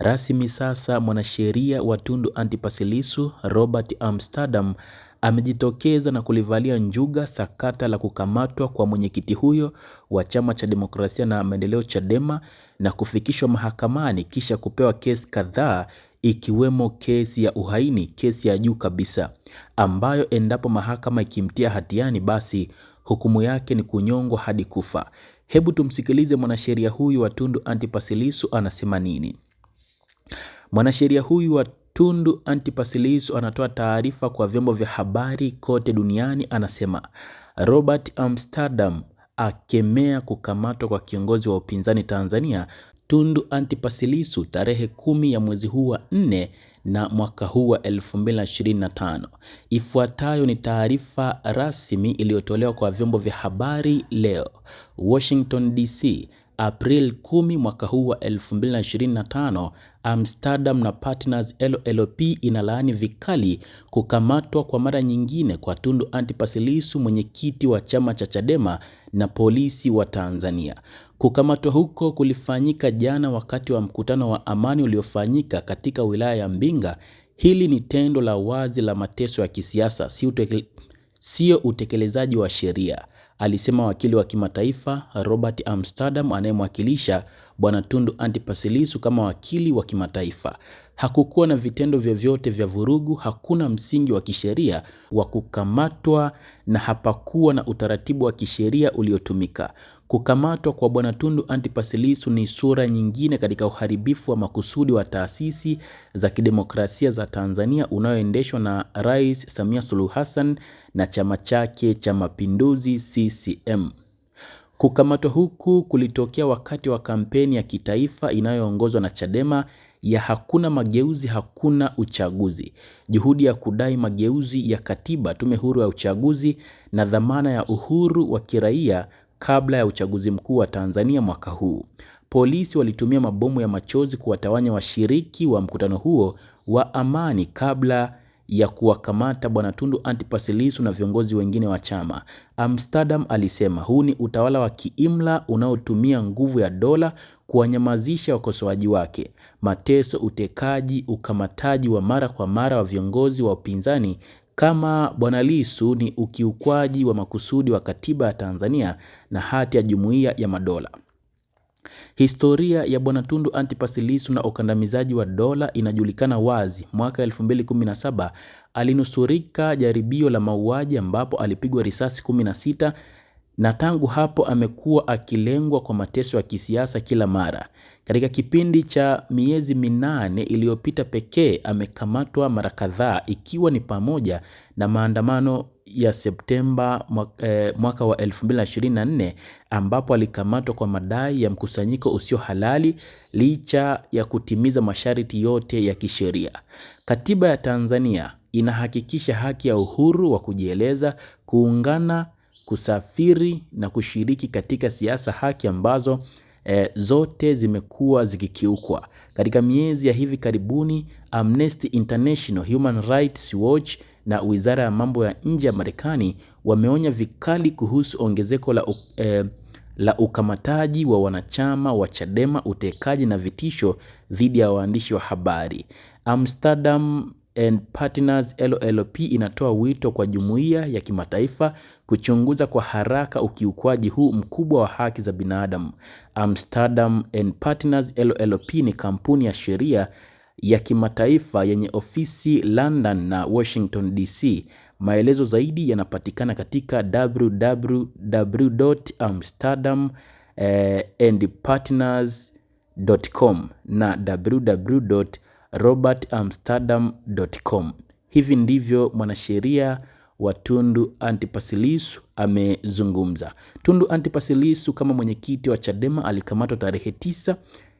Rasmi sasa mwanasheria wa Tundu Antipas Lissu Robert Amsterdam amejitokeza na kulivalia njuga sakata la kukamatwa kwa mwenyekiti huyo wa chama cha demokrasia na maendeleo Chadema na kufikishwa mahakamani kisha kupewa kesi kadhaa ikiwemo kesi ya uhaini, kesi ya juu kabisa ambayo endapo mahakama ikimtia hatiani, basi hukumu yake ni kunyongwa hadi kufa. Hebu tumsikilize mwanasheria huyu wa Tundu Antipas Lissu anasema nini. Mwanasheria huyu wa Tundu Antipas Lissu anatoa taarifa kwa vyombo vya habari kote duniani. Anasema Robert Amsterdam akemea kukamatwa kwa kiongozi wa upinzani Tanzania Tundu Antipas Lissu tarehe kumi ya mwezi huu wa nne na mwaka huu wa 2025. Ifuatayo ni taarifa rasmi iliyotolewa kwa vyombo vya habari leo. Washington DC, April 10 mwaka huu wa 2025, Amsterdam na Partners LLP inalaani vikali kukamatwa kwa mara nyingine kwa Tundu Antipas Lissu, mwenyekiti wa chama cha Chadema na polisi wa Tanzania. Kukamatwa huko kulifanyika jana wakati wa mkutano wa amani uliofanyika katika wilaya ya Mbinga. Hili ni tendo la wazi la mateso ya kisiasa, sio utekelezaji wa sheria alisema wakili wa kimataifa Robert Amsterdam anayemwakilisha Bwana Tundu Antipas Lissu kama wakili wa kimataifa. Hakukuwa na vitendo vyovyote vya vurugu, hakuna msingi wa kisheria wa kukamatwa na hapakuwa na utaratibu wa kisheria uliotumika. Kukamatwa kwa Bwana Tundu Antipas Lissu ni sura nyingine katika uharibifu wa makusudi wa taasisi za kidemokrasia za Tanzania unaoendeshwa na Rais Samia Suluhu Hassan na chama chake cha Mapinduzi CCM. Kukamatwa huku kulitokea wakati wa kampeni ya kitaifa inayoongozwa na Chadema ya hakuna mageuzi hakuna uchaguzi, juhudi ya kudai mageuzi ya katiba, tume huru ya uchaguzi na dhamana ya uhuru wa kiraia kabla ya uchaguzi mkuu wa Tanzania mwaka huu. Polisi walitumia mabomu ya machozi kuwatawanya washiriki wa mkutano huo wa amani kabla ya kuwakamata Bwana Tundu Antipas Lissu na viongozi wengine wa chama. Amsterdam alisema huu ni utawala wa kiimla unaotumia nguvu ya dola kuwanyamazisha wakosoaji wake. Mateso, utekaji, ukamataji wa mara kwa mara wa viongozi wa upinzani kama Bwana Lissu ni ukiukwaji wa makusudi wa katiba ya Tanzania na hati ya Jumuiya ya Madola. Historia ya Bwana Tundu Antipas Lissu na ukandamizaji wa dola inajulikana wazi. Mwaka 2017 alinusurika jaribio la mauaji ambapo alipigwa risasi 16 na tangu hapo amekuwa akilengwa kwa mateso ya kisiasa kila mara. Katika kipindi cha miezi minane iliyopita pekee amekamatwa mara kadhaa, ikiwa ni pamoja na maandamano ya Septemba eh, mwaka wa 2024 ambapo alikamatwa kwa madai ya mkusanyiko usio halali licha ya kutimiza masharti yote ya kisheria. Katiba ya Tanzania inahakikisha haki ya uhuru wa kujieleza, kuungana kusafiri na kushiriki katika siasa, haki ambazo e, zote zimekuwa zikikiukwa. Katika miezi ya hivi karibuni, Amnesty International, Human Rights Watch na Wizara ya Mambo ya Nje ya Marekani wameonya vikali kuhusu ongezeko la, e, la ukamataji wa wanachama wa Chadema, utekaji na vitisho dhidi ya waandishi wa habari. Amsterdam and Partners LLP inatoa wito kwa jumuiya ya kimataifa kuchunguza kwa haraka ukiukwaji huu mkubwa wa haki za binadamu. Amsterdam and Partners LLP ni kampuni ya sheria ya kimataifa yenye ofisi London na Washington DC. Maelezo zaidi yanapatikana katika www.amsterdam eh, and na www robertamsterdam.com. Hivi ndivyo mwanasheria wa Tundu Antipas Lissu amezungumza. Tundu Antipas Lissu kama mwenyekiti wa Chadema alikamatwa tarehe tisa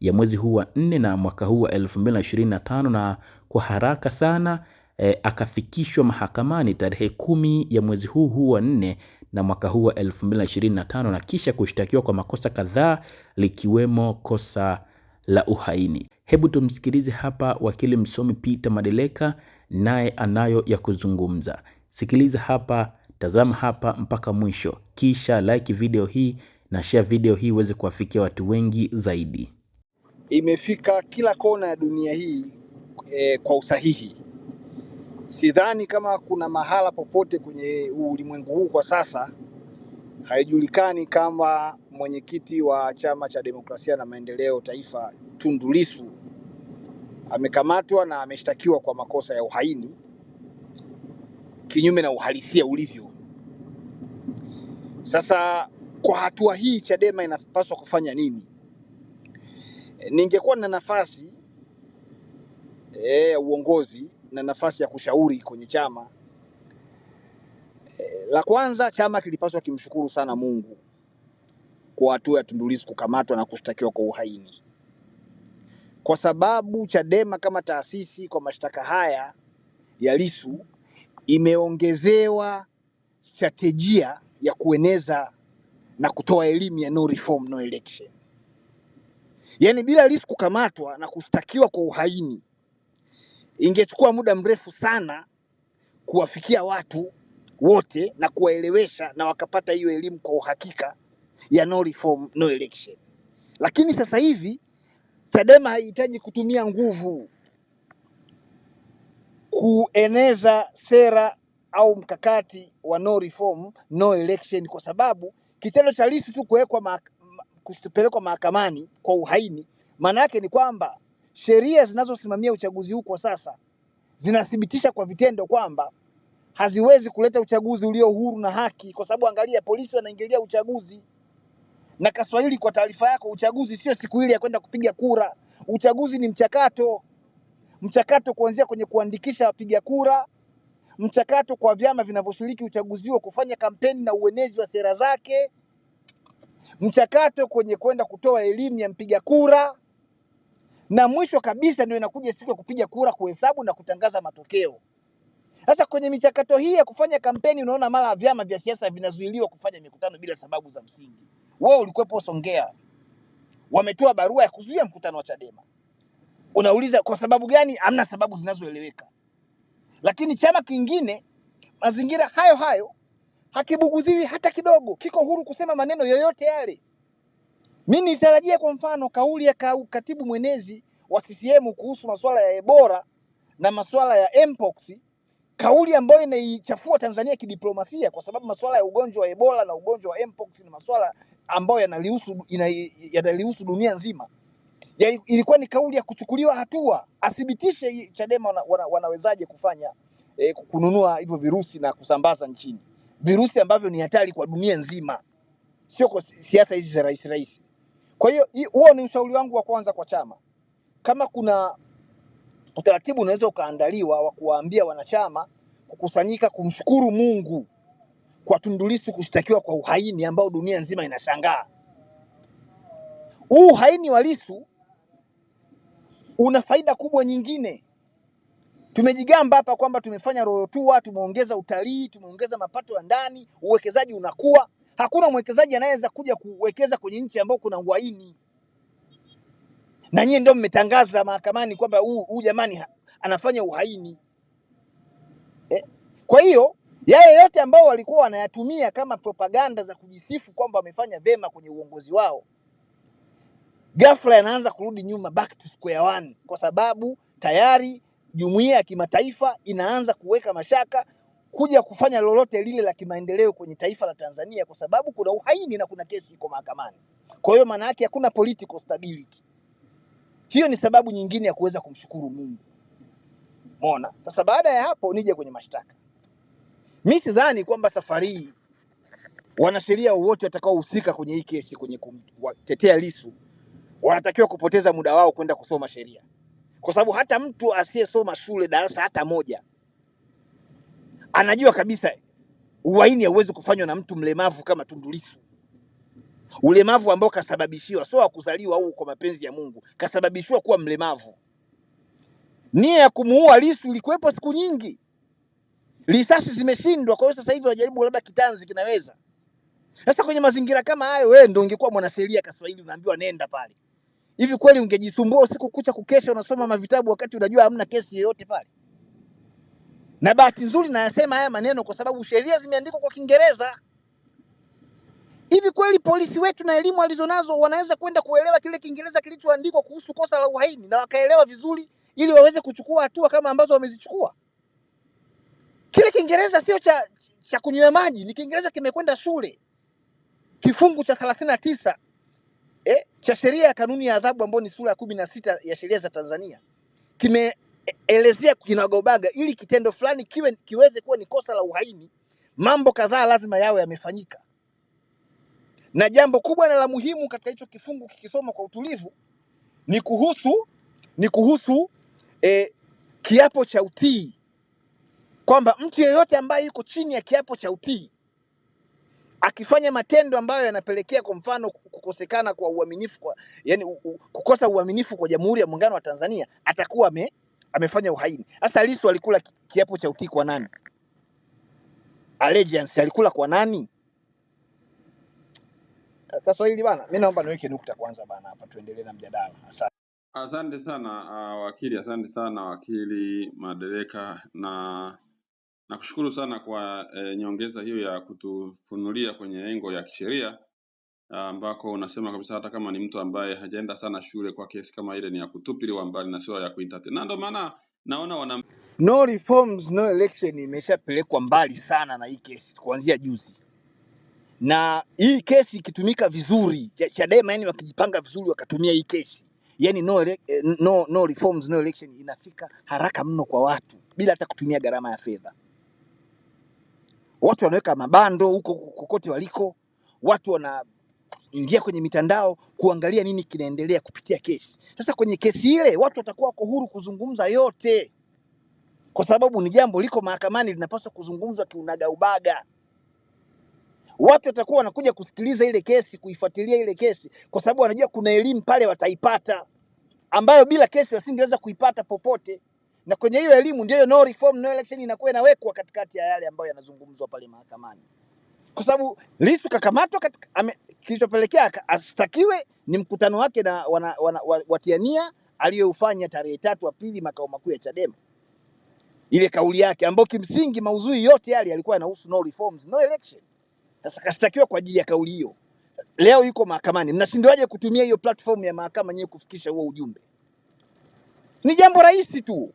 ya mwezi huu wa nne na mwaka huu wa 2025 na kwa haraka sana e, akafikishwa mahakamani tarehe kumi ya mwezi huu huu wa nne na mwaka huu wa 2025 na kisha kushtakiwa kwa makosa kadhaa likiwemo kosa la uhaini. Hebu tumsikilize hapa wakili msomi Peter Madeleka, naye anayo ya kuzungumza. Sikiliza hapa, tazama hapa mpaka mwisho, kisha like video hii na share video hii uweze kuwafikia watu wengi zaidi. Imefika kila kona ya dunia hii eh, kwa usahihi. Sidhani kama kuna mahala popote kwenye ulimwengu huu kwa sasa haijulikani kama mwenyekiti wa Chama cha Demokrasia na Maendeleo Taifa Tundu Lissu amekamatwa na ameshtakiwa kwa makosa ya uhaini kinyume na uhalisia ulivyo. Sasa kwa hatua hii Chadema inapaswa kufanya nini? Ningekuwa na nafasi ya eh, e, uongozi na nafasi ya kushauri kwenye chama e, la kwanza, chama kilipaswa kimshukuru sana Mungu kwa hatua ya Tundu Lissu kukamatwa na kushtakiwa kwa uhaini, kwa sababu Chadema kama taasisi kwa mashtaka haya ya Lissu imeongezewa strategia ya kueneza na kutoa elimu ya no reform, no election. Yaani bila Lissu kukamatwa na kushtakiwa kwa uhaini ingechukua muda mrefu sana kuwafikia watu wote na kuwaelewesha na wakapata hiyo elimu kwa uhakika ya no reform, no election. Lakini sasa hivi Chadema haihitaji kutumia nguvu kueneza sera au mkakati wa no reform, no election kwa sababu kitendo cha Lissu tu kuwekwa kupelekwa mahakamani kwa uhaini, maana yake ni kwamba sheria zinazosimamia uchaguzi huu kwa sasa zinathibitisha kwa vitendo kwamba haziwezi kuleta uchaguzi ulio huru na haki, kwa sababu angalia, polisi wanaingilia uchaguzi na Kaswahili, kwa taarifa yako, uchaguzi sio siku ile ya kwenda kupiga kura. Uchaguzi ni mchakato, mchakato kuanzia kwenye kuandikisha wapiga kura, mchakato kwa vyama vinavyoshiriki uchaguzi huo kufanya kampeni na uenezi wa sera zake, mchakato kwenye kwenda kutoa elimu ya mpiga kura, na mwisho kabisa ndio inakuja siku ya kupiga kura, kuhesabu na kutangaza matokeo. Sasa kwenye michakato hii ya kufanya kampeni, unaona mara vyama vya siasa vinazuiliwa kufanya mikutano bila sababu za msingi wao ulikuwepo Songea, wametoa barua ya kuzuia mkutano wa Chadema. Unauliza kwa sababu gani? Hamna sababu zinazoeleweka. Lakini chama kingine, mazingira hayo hayo, hakibuguziwi hata kidogo, kiko huru kusema maneno yoyote yale. Mi nilitarajia kwa mfano kauli ya katibu mwenezi wa CCM kuhusu masuala ya Ebola na masuala ya mpox, kauli ambayo inaichafua Tanzania kidiplomasia, kwa sababu masuala ya ugonjwa wa Ebola na ugonjwa wa mpox ni masuala ambayo yanalihusu yanalihusu dunia nzima ya, ilikuwa ni kauli ya kuchukuliwa hatua, athibitishe Chadema wana, wana, wanawezaje kufanya eh, kununua hivyo virusi na kusambaza nchini virusi ambavyo ni hatari kwa dunia nzima, sio kwa siasa hizi za rais rais. Kwa hiyo huo ni ushauri wangu wa kwanza kwa chama, kama kuna utaratibu unaweza ukaandaliwa wa kuwaambia wanachama kukusanyika kumshukuru Mungu kwa Tundu Lissu kushtakiwa kwa uhaini ambao dunia nzima inashangaa. Huu uhaini wa Lissu una faida kubwa nyingine. Tumejigamba hapa kwamba tumefanya Royal Tour, tumeongeza utalii, tumeongeza mapato ya ndani, uwekezaji unakuwa. Hakuna mwekezaji anayeweza kuja kuwekeza kwenye nchi ambayo kuna uhaini, na nyie ndio mmetangaza mahakamani kwamba huu jamani anafanya uhaini eh. Kwa hiyo yale yote ambao walikuwa wanayatumia kama propaganda za kujisifu kwamba wamefanya vema kwenye uongozi wao, ghafla yanaanza kurudi nyuma, back to square one, kwa sababu tayari jumuiya ya kimataifa inaanza kuweka mashaka kuja kufanya lolote lile la kimaendeleo kwenye taifa la Tanzania, kwa sababu kuna uhaini na kuna kesi iko mahakamani. Kwa hiyo maana yake hakuna political stability. Hiyo ni sababu nyingine ya kuweza kumshukuru Mungu. Umeona? Sasa baada ya hapo nije kwenye mashtaka. Mi sidhani kwamba safari hii wanasheria wote watakaohusika kwenye hii kesi kwenye kutetea Lissu wanatakiwa kupoteza muda wao kwenda kusoma sheria, kwa sababu hata mtu asiyesoma shule darasa hata moja anajua kabisa uhaini hauwezi kufanywa na mtu mlemavu kama Tundu Lissu, ulemavu ambao kasababishiwa, sio wakuzaliwa au kwa mapenzi ya Mungu, kasababishiwa kuwa mlemavu. Nia ya kumuua Lissu ilikuwepo siku nyingi, risasi zimeshindwa. Kwa hiyo sasa hivi wajaribu labda kitanzi kinaweza. Sasa kwenye mazingira kama hayo, wewe ndio ungekuwa mwanasheria Kiswahili, unaambiwa nenda pale. Hivi kweli ungejisumbua usiku kucha kukesha unasoma mavitabu wakati unajua hamna kesi yoyote pale? Na bahati nzuri nayasema haya maneno kwa sababu sheria zimeandikwa kwa Kiingereza. Hivi kweli polisi wetu na elimu alizonazo wanaweza kwenda kuelewa kile Kiingereza kilichoandikwa kuhusu kosa la uhaini na wakaelewa vizuri, ili waweze kuchukua hatua kama ambazo wamezichukua? Kile Kiingereza sio cha, cha kunywa maji, ni Kiingereza kimekwenda shule. Kifungu cha thelathini na tisa eh, cha sheria ya kanuni ya adhabu ambayo ni sura ya kumi na sita ya sheria za Tanzania kimeelezea kinagobaga, ili kitendo fulani kiwe kiweze kuwa ni kosa la uhaini, mambo kadhaa lazima yawe yamefanyika na jambo kubwa na la muhimu katika hicho kifungu kikisoma kwa utulivu ni kuhusu ni kuhusu eh, kiapo cha utii kwamba mtu yeyote ambaye yuko chini ya kiapo cha utii akifanya matendo ambayo yanapelekea kwa mfano kukosekana kwa uaminifu kwa, yani, u, u, kukosa uaminifu kwa Jamhuri ya Muungano wa Tanzania atakuwa ame, amefanya uhaini. Sasa Lissu alikula kiapo cha utii kwa nani? Allegiance alikula kwa nani? hili bana, mimi naomba niweke nukta kwanza bana, hapa tuendelee na mjadala. Asante. Asante sana uh, wakili. Asante sana wakili Madereka na Nakushukuru sana kwa e, nyongeza hiyo ya kutufunulia kwenye engo ya kisheria ambako unasema kabisa hata kama ni mtu ambaye hajaenda sana shule, kwa kesi kama ile ni ya kutupiliwa mbali na sio ya kuentertain, na ndio maana naona wana No reforms no election imeshapelekwa mbali sana na hii kesi kuanzia juzi, na hii kesi ikitumika vizuri, Cha- Chadema yani wakijipanga vizuri wakatumia hii kesi yani no, eh, no, no reforms no election inafika haraka mno kwa watu bila hata kutumia gharama ya fedha watu wanaweka mabando huko kokote waliko, watu wanaingia kwenye mitandao kuangalia nini kinaendelea kupitia kesi. Sasa kwenye kesi ile watu watakuwa wako huru kuzungumza yote, kwa sababu ni jambo liko mahakamani, linapaswa kuzungumzwa kiunaga ubaga. Watu watakuwa wanakuja kusikiliza ile kesi, kuifuatilia ile kesi, kwa sababu wanajua kuna elimu pale wataipata ambayo bila kesi wasingeweza kuipata popote na kwenye hiyo elimu ndio no reform no election inakuwa inawekwa katikati ya yale ambayo yanazungumzwa pale mahakamani, kwa sababu Lissu kakamatwa, katika, kilichopelekea astakiwe ni mkutano wake na wana, wana, watiania aliyoufanya tarehe tatu Aprili makao makuu ya Chadema, ile kauli yake ambayo kimsingi mauzui yote yale yalikuwa yanahusu no reforms no election. Sasa kashtakiwa kwa ajili ya kauli hiyo, leo yuko mahakamani. Mnashindwaje kutumia hiyo platform ya mahakama nyewe kufikisha huo ujumbe? Ni jambo rahisi tu.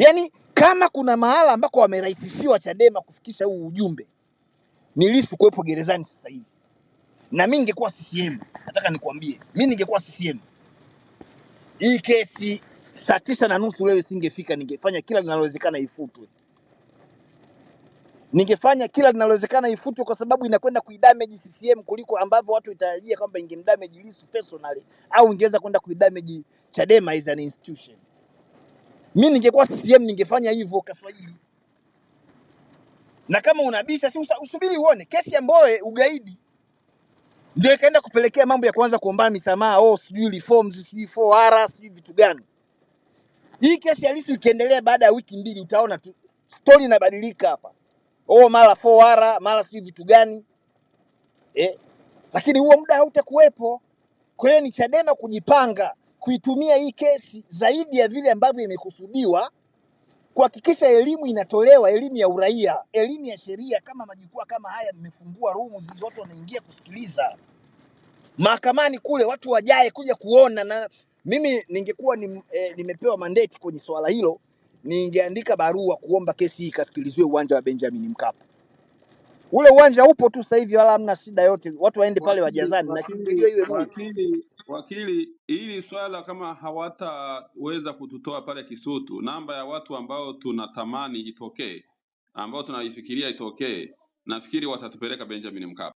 Yaani kama kuna mahala ambako wamerahisishiwa Chadema kufikisha huu ujumbe ni Lissu kuwepo gerezani sasa hivi, na mimi ningekuwa CCM, nataka nikwambie, mimi ningekuwa CCM, hii kesi saa tisa na nusu leo isingefika, ningefanya kila linalowezekana ifutwe, ningefanya kila linalowezekana ifutwe, kwa sababu inakwenda kuidamage CCM kuliko ambavyo watu itarajia kwamba ingemdamage Lissu personally au ingeweza kwenda kuidamage Chadema as an institution. Mi ningekuwa CCM ningefanya hivyo Kaswahili, na kama unabisha si usubiri uone kesi ya Mbowe ugaidi ndio ikaenda kupelekea mambo ya kwanza kuombaa misamaha, oh, sijui reforms, sijui 4R, sijui vitu gani. Hii kesi ya Lissu ikiendelea baada ya wiki mbili, utaona tu story inabadilika hapa, oh, mara 4R, mara sijui vitu gani eh, lakini huo muda hautakuwepo. Kwa hiyo ni Chadema kujipanga kuitumia hii kesi zaidi ya vile ambavyo imekusudiwa kuhakikisha elimu inatolewa, elimu ya uraia, elimu ya sheria. Kama majukwaa kama haya mmefungua rumu zizi, watu wanaingia kusikiliza mahakamani kule, watu wajae kuja kuona. Na mimi ningekuwa ni, eh, nimepewa mandeti kwenye swala hilo, ningeandika barua kuomba kesi hii ikasikilizwe uwanja wa Benjamin Mkapa. Ule uwanja upo tu sasa hivi, wala hamna shida yote, watu waende pale wajazani na kiingilio iwe moja. Wakili, Wakili, hili swala kama hawataweza kututoa pale Kisutu, namba ya watu ambao tunatamani itokee, ambao tunaifikiria itokee, nafikiri watatupeleka Benjamin Mkapa.